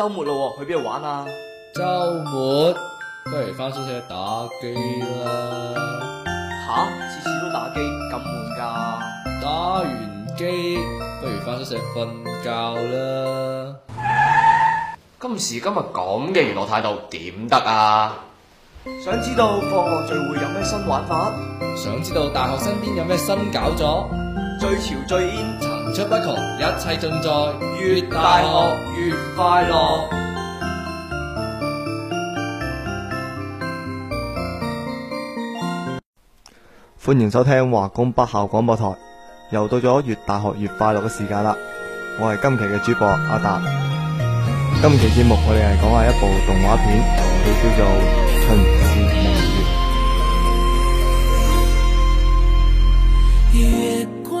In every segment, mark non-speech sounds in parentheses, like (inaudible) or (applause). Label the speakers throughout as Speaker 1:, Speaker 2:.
Speaker 1: 周末咯，去邊度玩啊？周末不如翻宿舍打機啦。吓、啊，次次都打機，咁悶噶？打完機不如翻宿舍瞓覺啦。今時今日咁嘅娛樂態度，點得啊？想知道放學聚會有咩新玩法？想知道大學身邊有咩新搞作？最潮最型。出不窮，一切盡在，越大學越快樂。快樂歡迎收聽華工北校廣播台，又到咗越大學越快樂嘅時間啦！我係今期嘅主播阿達。今期節目我哋係講下一部動畫片，佢叫做《秦時明月》。月
Speaker 2: 光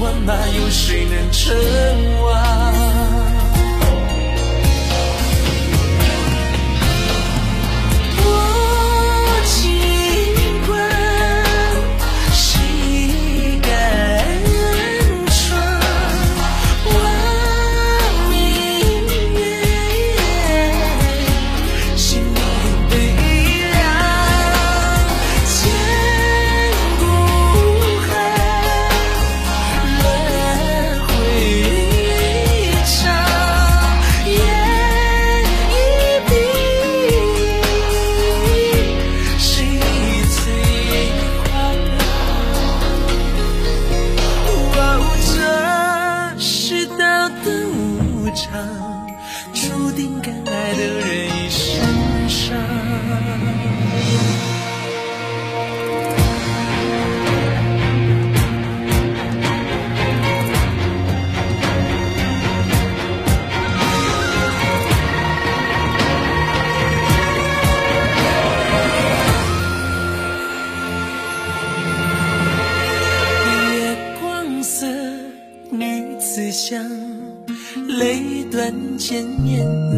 Speaker 2: 萬馬有誰能稱王？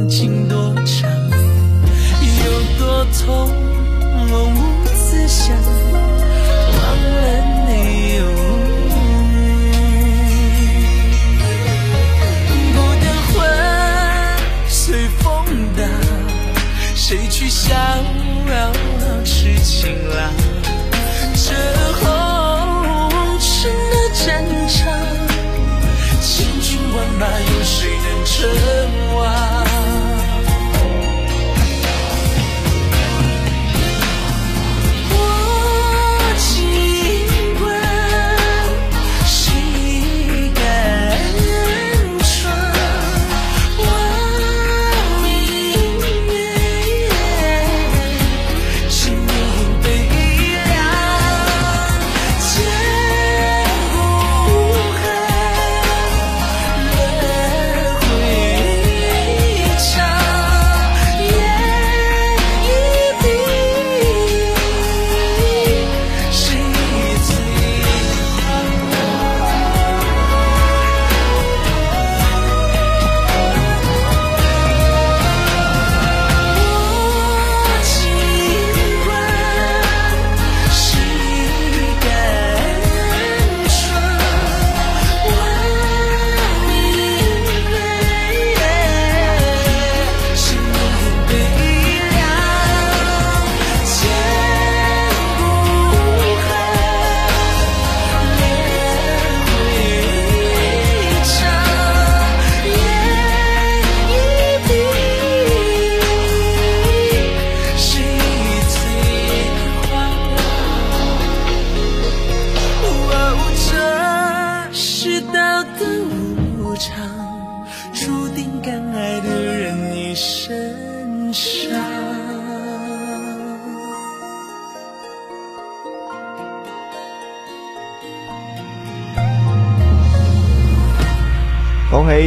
Speaker 2: 情多長，有多痛，我無字想，
Speaker 3: 忘了你有。孤單魂，隨風蕩，誰去笑、啊、痴情郎？這紅塵的戰場，千軍萬馬，有誰能撐？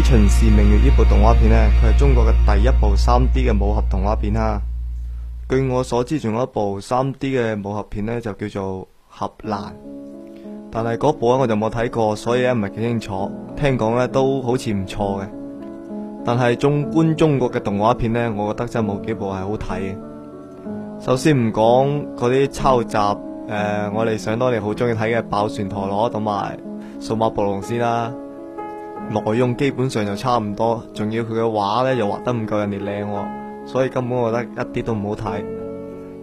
Speaker 1: 《秦時明月》呢部動畫片呢，佢係中國嘅第一部 3D 嘅武俠動畫片哈。據我所知，仲有一部 3D 嘅武俠片呢，就叫做《俠嵐》，但係嗰部咧我就冇睇過，所以咧唔係幾清楚。聽講咧都好似唔錯嘅，但係縱觀中國嘅動畫片呢，我覺得真係冇幾部係好睇嘅。首先唔講嗰啲抄襲，誒、呃，我哋想當年好中意睇嘅《爆旋陀螺》同埋《數碼暴龍》先啦。內容基本上就差唔多，仲要佢嘅畫咧又畫得唔夠人哋靚喎，所以根本我覺得一啲都唔好睇。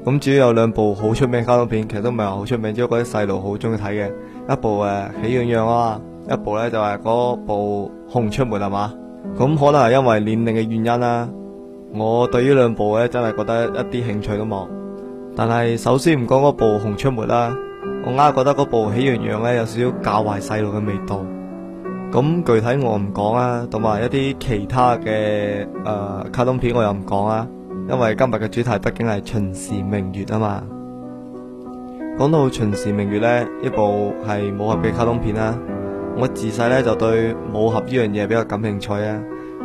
Speaker 1: 咁至於有兩部好出名嘅卡通片，其實都唔係話好出名，只不過啲細路好中意睇嘅。一部誒《喜羊羊》啊，一部呢就係嗰部《熊出沒》嘛。咁可能係因為年齡嘅原因啦，我對於兩部呢，真係覺得一啲興趣都冇。但係首先唔講嗰部《熊出沒》啦，我啱覺得嗰部《喜羊羊》呢，有少少教壞細路嘅味道。咁具體我唔講啊，同埋一啲其他嘅誒、呃、卡通片我又唔講啊，因為今日嘅主題畢竟係秦時明月啊嘛。講到秦時明月呢，一部係武俠嘅卡通片啦。我自細呢就對武俠呢樣嘢比較感興趣啊，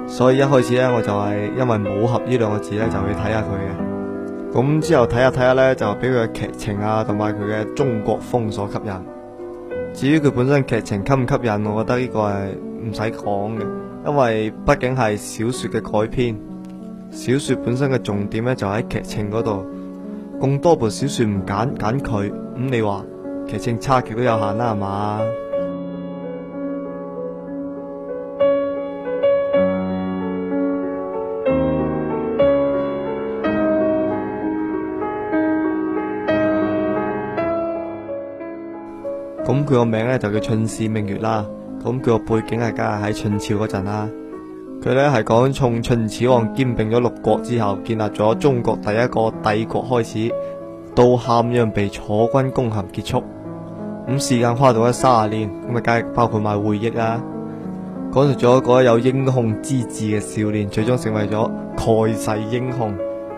Speaker 1: 所以一開始呢，我就係因為武俠呢兩個字呢，就去睇下佢嘅。咁之後睇下睇下呢，就俾佢嘅劇情啊同埋佢嘅中國風所吸引。至於佢本身劇情吸唔吸引，我覺得呢個係唔使講嘅，因為畢竟係小說嘅改編，小說本身嘅重點咧就喺劇情嗰度。咁多部小說唔揀揀佢，咁你話劇情差極都有限啦，係嘛？咁佢個名咧就叫《秦時明月》啦。咁佢個背景係梗係喺秦朝嗰陣啦。佢咧係講從秦始皇兼併咗六國之後，建立咗中國第一個帝國開始，到咸陽被楚軍攻陷結束。咁時間跨度咗卅年，咁啊，梗係包括埋回憶啦。講述咗一個有英雄之志嘅少年，最終成為咗蓋世英雄，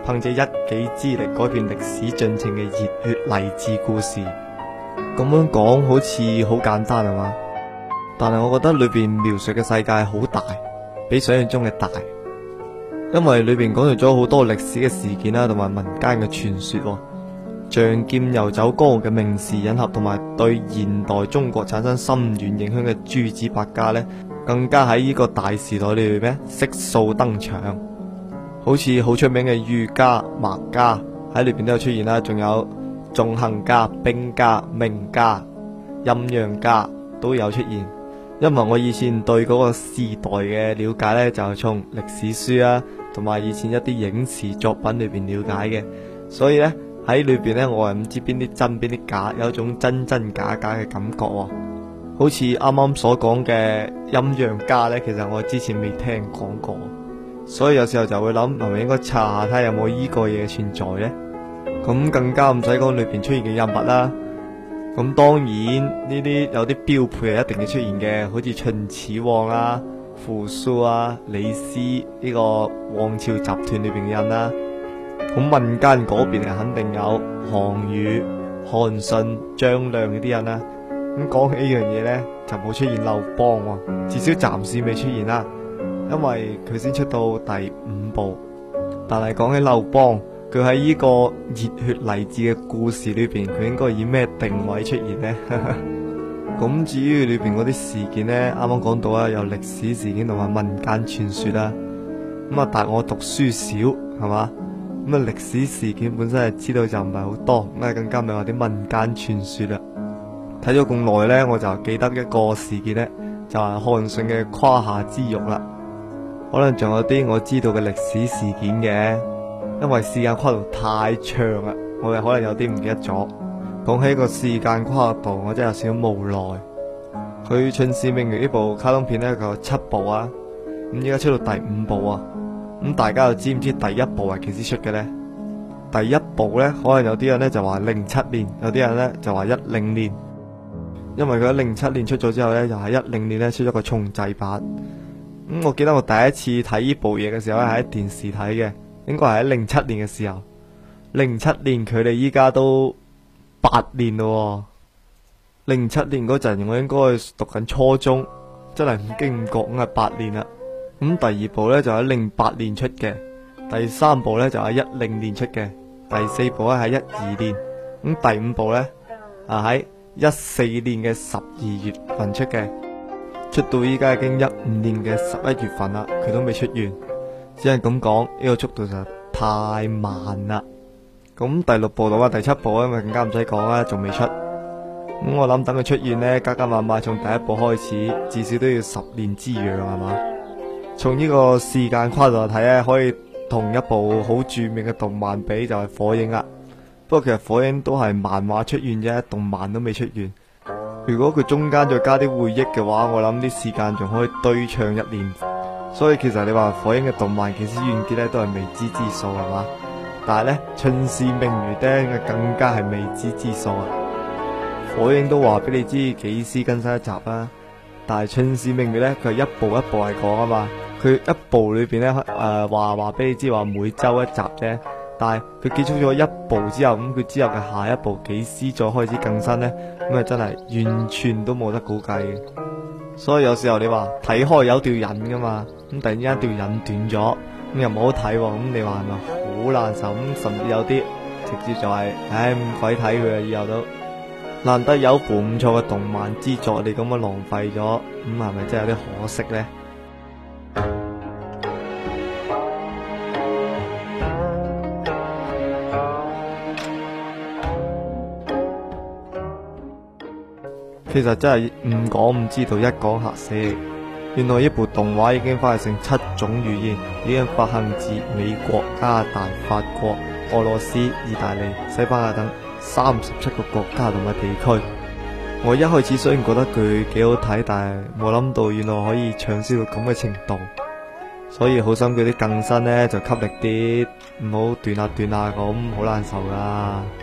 Speaker 1: 憑借一己之力改變歷史進程嘅熱血勵志故事。咁樣講好似好簡單係嘛？但係我覺得裏邊描述嘅世界好大，比想象中嘅大，因為裏邊講述咗好多歷史嘅事件啦、同埋民間嘅傳說、仗劍遊走江湖嘅名士隱俠，同埋對現代中國產生深遠影響嘅諸子百家呢，更加喺呢個大時代裏邊呢悉數登場，好似好出名嘅儒家、墨家喺裏邊都有出現啦，仲有。縱橫家、兵家、名家、陰陽家都有出現，因為我以前對嗰個時代嘅了解呢，就係從歷史書啊，同埋以前一啲影視作品裏邊了解嘅，所以呢，喺裏邊呢，我係唔知邊啲真邊啲假，有一種真真假假嘅感覺，好似啱啱所講嘅陰陽家呢，其實我之前未聽講過，所以有時候就會諗，係咪應該查下睇下有冇呢個嘢存在呢？」咁更加唔使講，裏邊出現嘅人物啦。咁當然呢啲有啲標配係一定會出現嘅，好似秦始皇啊、扶蘇啊、李斯呢、這個皇朝集團裏邊嘅人啦。咁民間嗰邊係肯定有項羽、韓信、張良呢啲人啦。咁講起呢樣嘢呢，就冇出現劉邦喎、啊，至少暫時未出現啦。因為佢先出到第五部，但係講起劉邦。佢喺呢個熱血勵志嘅故事裏邊，佢應該以咩定位出現呢？咁、 (laughs) 嗯、至於裏邊嗰啲事件呢，啱啱講到啦，有歷史事件同埋民間傳說啦。咁啊，但係我讀書少係嘛？咁啊，歷史事件本身係知道就唔係好多，咁啊更加咪係話啲民間傳說啦。睇咗咁耐呢，我就記得一個事件呢，就係韓信嘅胯下之辱啦。可能仲有啲我知道嘅歷史事件嘅。因為時間跨度太長啦，我哋可能有啲唔記得咗。講起個時間跨度，我真係有少少無奈。佢《秦時明月》呢部卡通片呢，佢有七部啊。咁依家出到第五部啊，咁大家又知唔知第一部係幾時出嘅呢？第一部呢，可能有啲人呢就話零七年，有啲人呢就話一零年，因為佢喺零七年出咗之後呢，就喺一零年呢出咗個重製版。咁、嗯、我記得我第一次睇呢部嘢嘅時候咧，係喺電視睇嘅。應該係喺零七年嘅時候，零七年佢哋依家都八年咯喎。零七年嗰陣我應該讀緊初中，真係唔經唔覺咁係八年啦。咁第二部呢，就喺零八年出嘅，第三部呢，就喺一零年出嘅，第四部呢，喺一二年，咁第五部呢，啊喺一四年嘅十二月份出嘅，出到依家已經一五年嘅十一月份啦，佢都未出完。只係咁講，呢個速度就太慢啦。咁第六部到埋第七部，因為更加唔使講啦，仲未出。咁我諗等佢出現呢，加加萬萬從第一部開始，至少都要十年之癢，係嘛？從呢個時間跨度睇呢，可以同一部好著名嘅動漫比，就係《火影》啦。不過其實《火影》都係漫畫出現啫，動漫都未出現。如果佢中間再加啲回憶嘅話，我諗啲時間仲可以堆唱一年。所以其實你話火影嘅動漫幾時完結呢，都係未知之數係嘛？但係呢，秦時明月呢更加係未知之數啊！火影都話俾你知幾時更新一集啦，啊，但係秦時明月呢，佢係一步一步係講啊嘛。佢一部裏邊呢，誒話話俾你知話每周一集啫。但係佢結束咗一部之後，咁佢之後嘅下一部幾時再開始更新呢？咁啊真係完全都冇得估計嘅。所以有時候你話睇開有條癮噶嘛，咁突然之間條癮斷咗，咁又唔好睇，咁你話係咪好難受？咁甚至有啲直接就係，唉，唔鬼睇佢啊！以後都難得有一部唔錯嘅動漫之作，你咁樣浪費咗，咁係咪真係有啲可惜呢？其實真係唔講唔知道，一講吓死！原來呢部動畫已經翻譯成七種語言，已經發行至美國、加拿大、法國、俄羅斯、意大利、西班牙等三十七個國家同埋地區。我一開始雖然覺得佢幾好睇，但係冇諗到原來可以暢銷到咁嘅程度。所以好心佢啲更新呢，就給力啲，唔好斷下斷下咁，好難受噶。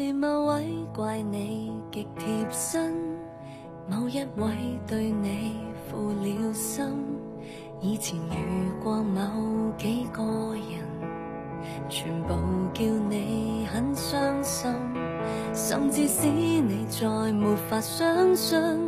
Speaker 4: 是某位怪你極貼身，某一位對你負了心，以前遇過某幾個人，全部叫你很傷心，甚至使你再沒法相信。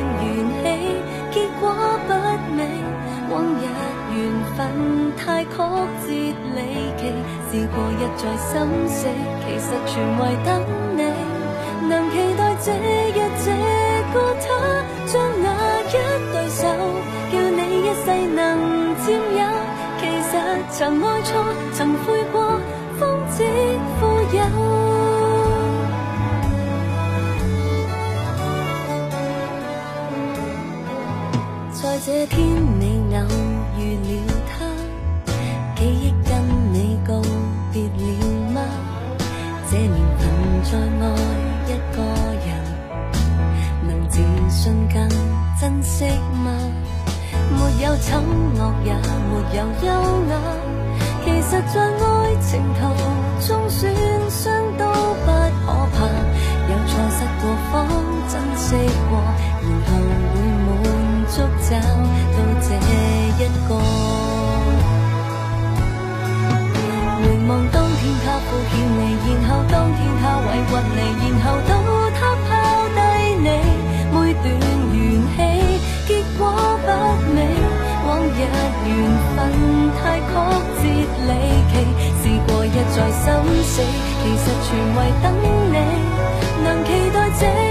Speaker 4: 太曲折離奇，試過一再心死，其實全為等你。能期待這日這個他，將那一對手，叫你一世能佔有。其實曾愛錯，曾悔過，方知富有。 (noise) (noise) 在這天。醜惡也沒有優雅，其實在愛情途中，損傷都不可怕，有錯失過方，方珍惜過。一緣分太曲折離奇，試過一再心死，其實全為等你，能期待這。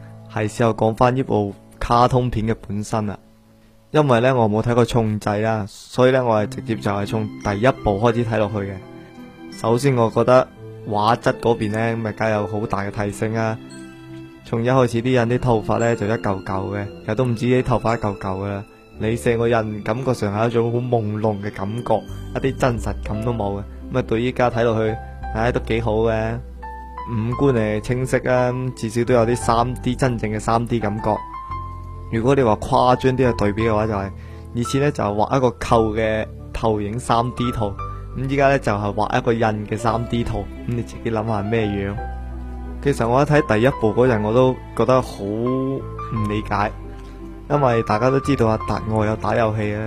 Speaker 1: 係時候講翻呢部卡通片嘅本身啦，因為呢，我冇睇過重製啦，所以呢，我係直接就係從第一部開始睇落去嘅。首先我覺得畫質嗰邊呢，咪梗有好大嘅提升啦，啊。從一開始啲人啲頭髮呢，就一嚿嚿嘅，又都唔知啲頭髮一嚿嚿嘅啦，你成個人感覺上係一種好朦朧嘅感覺，一啲真實感都冇嘅。咁啊，到依家睇落去，唉，哎，都幾好嘅。五官誒清晰啊，至少都有啲三 D，真正嘅三 D 感覺。如果你話誇張啲嘅對比嘅話，就係以前呢，就畫一個扣嘅投影三 D 圖，咁依家呢，就係畫一個印嘅三 D 圖。咁你自己諗下咩樣？其實我一睇第一部嗰陣，我都覺得好唔理解，因為大家都知道阿達我有打遊戲啊。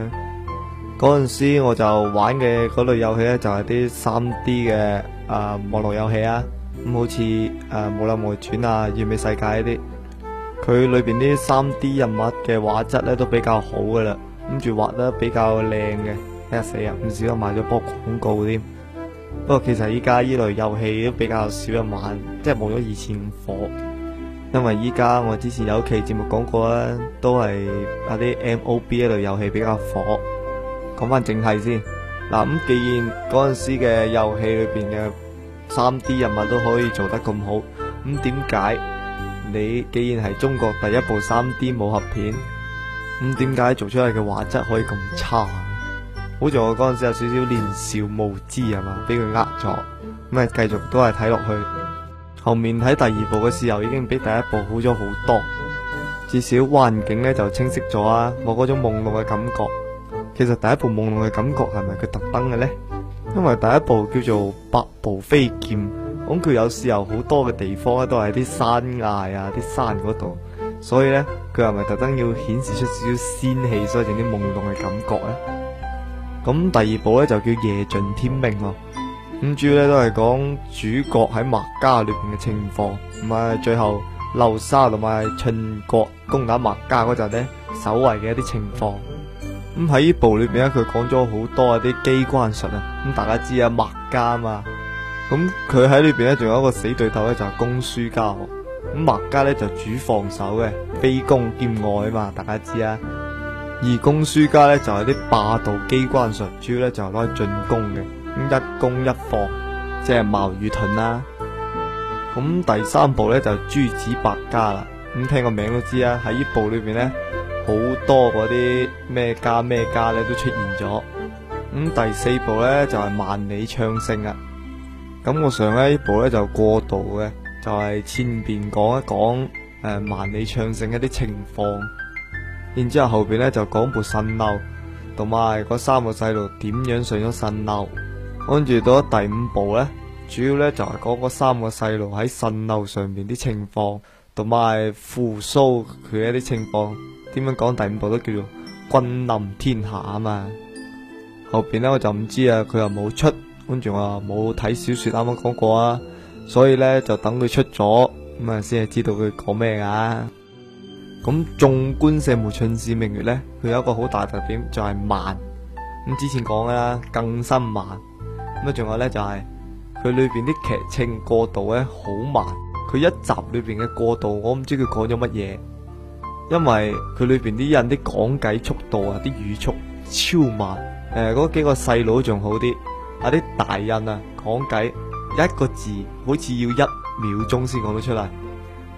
Speaker 1: 嗰陣時我就玩嘅嗰類遊戲呢，就係啲三 D 嘅啊網絡遊戲啊。咁好似誒《武林外傳》啊，《完美世界》呢啲，佢裏邊啲三 D 人物嘅畫質咧都比較好噶啦，跟住畫得比較靚嘅，吓死人！唔小心買咗波廣告添。不過其實依家呢類遊戲都比較少人玩，即係冇咗以前咁火。因為依家我之前有期節目講過啦，都係啊啲 MOB 呢類遊戲比較火。講翻正題先，嗱，咁既然嗰陣時嘅遊戲裏邊嘅。三 D 人物都可以做得咁好，咁點解你既然係中國第一部三 D 武俠片，咁點解做出嚟嘅畫質可以咁差？好在我嗰陣時有少少年少無知係嘛，俾佢呃咗，咁咪繼續都係睇落去。後面睇第二部嘅時候，已經比第一部好咗好多，至少環境呢就清晰咗啊，冇嗰種朦朧嘅感覺。其實第一部朦朧嘅感覺係咪佢特登嘅呢？因為第一部叫做《百步飛劍》，咁佢有時候好多嘅地方咧都係啲山崖啊、啲山嗰度，所以咧佢係咪特登要顯示出少少少仙氣，所以整啲朦朧嘅感覺咧？咁第二部咧就叫《夜盡天明》咯，咁主要咧都係講主角喺墨家裏邊嘅情況，同埋最後流沙同埋秦國攻打墨家嗰陣呢，守衛嘅一啲情況。咁喺呢部裏邊咧，佢講咗好多啲機關術啊，咁大家知啊，墨家啊嘛，咁佢喺裏邊咧仲有一個死對頭咧就係公輸家，咁墨家咧就主防守嘅，非攻兼愛啊嘛，大家知啊，而公輸家咧就係啲霸道機關術，主要咧就係攞去進攻嘅，咁一攻一防，即係矛與盾啦。咁第三部咧就係諸子百家啦，咁聽個名都知啊，喺呢部裏邊咧。好多嗰啲咩家咩家咧都出現咗。咁第四步呢就係、是、萬里槍聲啊。咁我上一步呢就過度嘅，就係、是就是、前邊講一講誒、呃、萬里槍聲一啲情況，然之後後邊咧就講、是、部神流，同埋嗰三個細路點樣上咗神流。跟住到咗第五步呢，主要呢就係、是、嗰三個細路喺神流上邊啲情況，同埋復蘇佢一啲情況。點樣講第五部都叫做君臨天下啊嘛，後邊呢，我就唔知啊，佢又冇出，跟住我又冇睇小說啱啱講過啊，所以呢，就等佢出咗咁啊先至知道佢講咩噶。咁縱觀《射門秦時明月》呢，佢有一個好大特點就係、是、慢。咁之前講嘅啦，更新慢。咁啊仲有咧就係、是、佢裏邊啲劇情過渡呢，好慢，佢一集裏邊嘅過渡我唔知佢講咗乜嘢。因為佢裏邊啲人啲講解速度啊，啲語速超慢。誒、呃，嗰幾個細佬仲好啲，啊啲大人啊講解一個字，好似要一秒鐘先講得出嚟。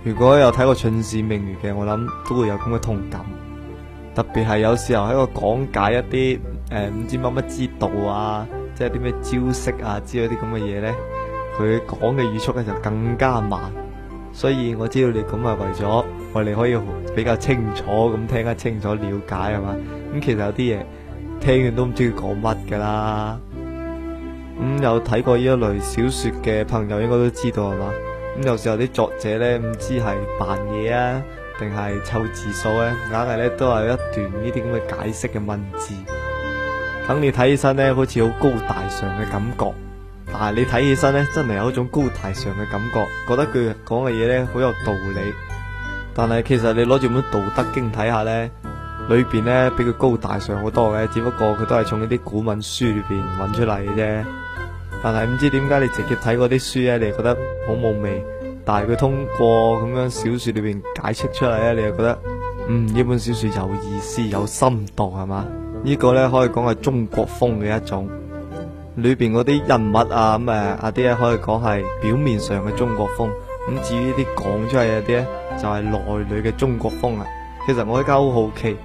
Speaker 1: 如果有睇過《秦時明月》嘅，我諗都會有咁嘅痛感。特別係有時候喺個講解一啲誒唔知乜乜之道什麼什麼啊，即係啲咩招式啊之類啲咁嘅嘢咧，佢講嘅語速咧就更加慢。所以我知道你咁係為咗，你可以比較清楚咁聽得清楚了解係嘛？咁、嗯、其實有啲嘢，聽完都唔知佢講乜噶啦。咁、嗯、有睇過呢一類小說嘅朋友，應該都知道係嘛？咁、嗯、有時候啲作者呢，唔知係扮嘢啊，定係湊字數咧，硬係咧都係一段呢啲咁嘅解釋嘅文字，等你睇起身呢，好似好高大上嘅感覺，但係你睇起身呢，真係有一種高大上嘅感覺，覺得佢講嘅嘢呢，好有道理。但係其實你攞住本《道德經》睇下呢，裏邊呢，比佢高大上好多嘅，只不過佢都係從呢啲古文書裏邊揾出嚟嘅啫。但係唔知點解你直接睇嗰啲書呢，你覺得好冇味；但係佢通過咁樣小說裏邊解釋出嚟呢，你又覺得嗯，呢本小說有意思有、有深度，係嘛？呢個呢，可以講係中國風嘅一種，裏邊嗰啲人物啊咁誒，阿啲可以講係表面上嘅中國風。咁至於啲講出嚟嗰啲咧。就係內裏嘅中國風啊。其實我依家好好奇，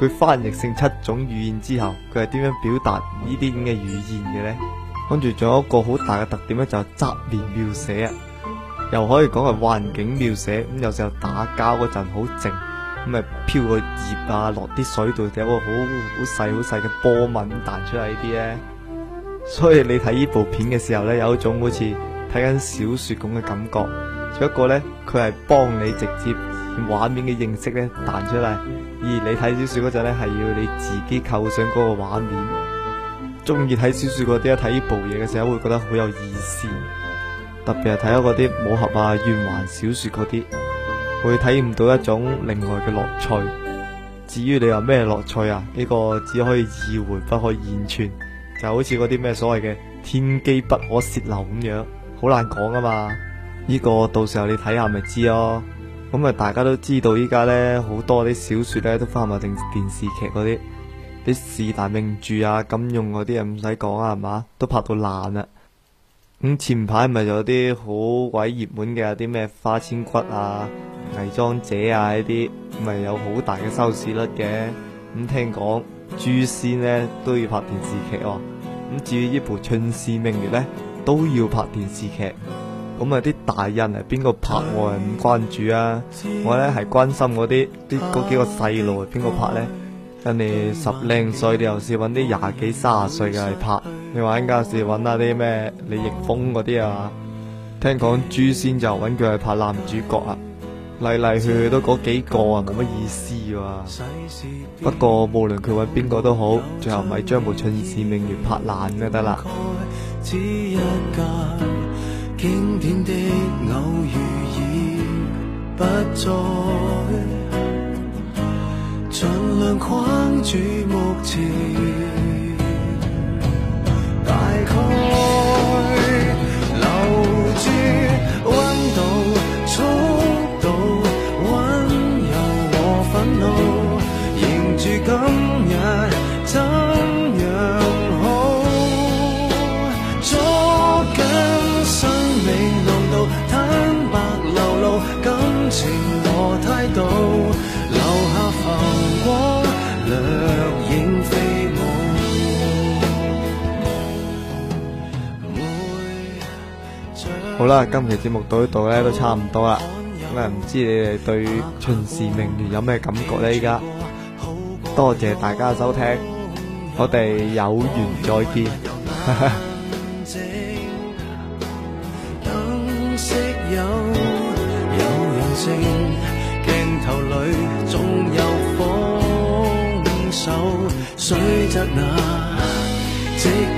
Speaker 1: 佢翻譯成七種語言之後，佢係點樣表達呢啲咁嘅語言嘅咧？跟住仲有一個好大嘅特點咧，就係側面描寫啊，又可以講係環境描寫。咁有時候打交嗰陣好靜，咁啊飄個葉啊落啲水度，就有一個好好細好細嘅波紋彈出嚟呢啲咧。所以你睇呢部片嘅時候咧，有一種好似睇緊小說咁嘅感覺。一個呢，佢係幫你直接以畫面嘅形式咧彈出嚟，而你睇小說嗰陣呢，係要你自己構想嗰個畫面。中意睇小說嗰啲啊，睇呢部嘢嘅時候會覺得好有意思，特別係睇嗰啲武俠啊、玄幻小說嗰啲，會體驗到一種另外嘅樂趣。至於你話咩樂趣啊？呢個只可以意會，不可言傳，就好似嗰啲咩所謂嘅天機不可泄漏咁樣，好難講啊嘛。呢個到時候你睇下咪知咯、哦，咁啊大家都知道依家呢好多啲小説呢都翻埋定電視劇嗰啲，啲四 (noise) 大名著啊、金庸嗰啲啊唔使講啊，係嘛都拍到爛啦。咁前排咪有啲好鬼熱門嘅，啲咩花千骨啊、偽裝者啊呢啲，咪有好大嘅收視率嘅。咁聽講《誅仙》呢都要拍電視劇哦。咁至於呢部《秦時明月》呢，都要拍電視劇、哦。咁啊！啲大人係邊個拍我係唔關注啊！我呢係關心嗰啲啲嗰幾個細路，係邊個拍呢？跟住十零歲，你又試揾啲廿幾、三十歲嘅去拍？你話家陣試揾下啲咩李易峰嗰啲啊？聽講《誅仙》就揾佢去拍男主角啊！嚟嚟去去都嗰幾個啊，冇乜意思哇、啊！不過無論佢揾邊個都好，最後咪將部《秦時明月》拍爛就得啦。
Speaker 2: 經典的偶遇已不再，儘量框住目前，大概。
Speaker 1: 好啦，今期節目到呢度呢都差唔多啦。咁啊，唔知你哋對《秦時明月》有咩感覺呢？依家多謝大家收聽，我哋有緣
Speaker 2: 再見。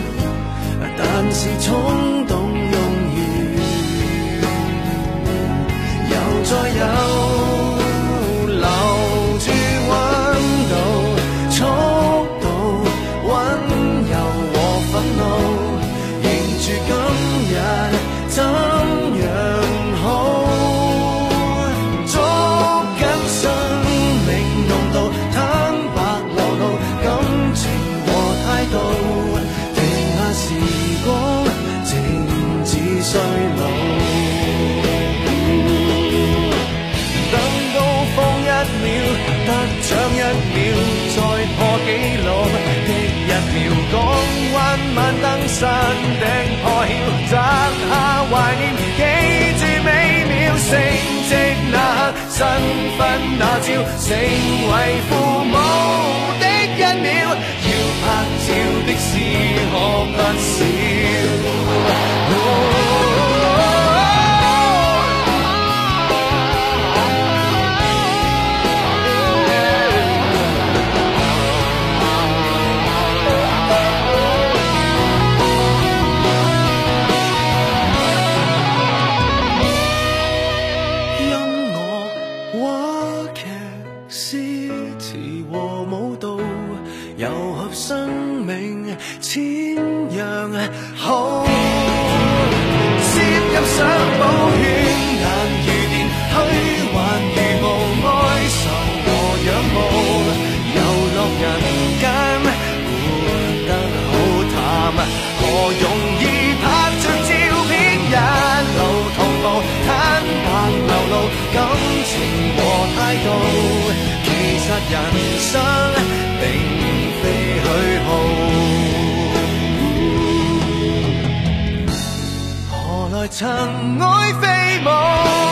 Speaker 2: 山頂破曉，摘下懷念，記住美妙升職那刻，新婚那朝，成為父母的一秒，要拍照的事可不少。塵埃飛舞。